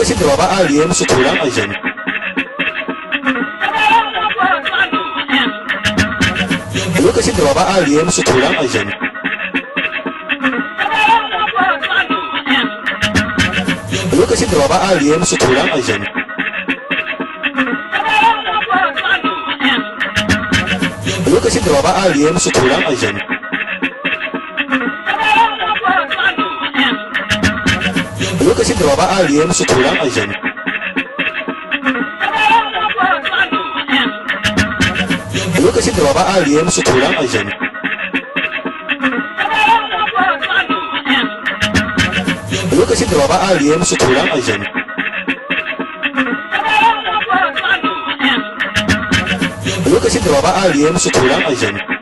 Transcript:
lokacin da baba ari ya musu turan aljanu lokacin da baba ari ya musu turan aljanu lokacin da baba ari ya musu turan aljanu lokacin da baba ari ya musu turan aljanu lokacin da baba ari ya musu turan aljanu lokacin da baba ari ya musu turan aljanu lokacin da baba ari ya musu turan aljanu lokacin da baba ari ya musu turan aljanu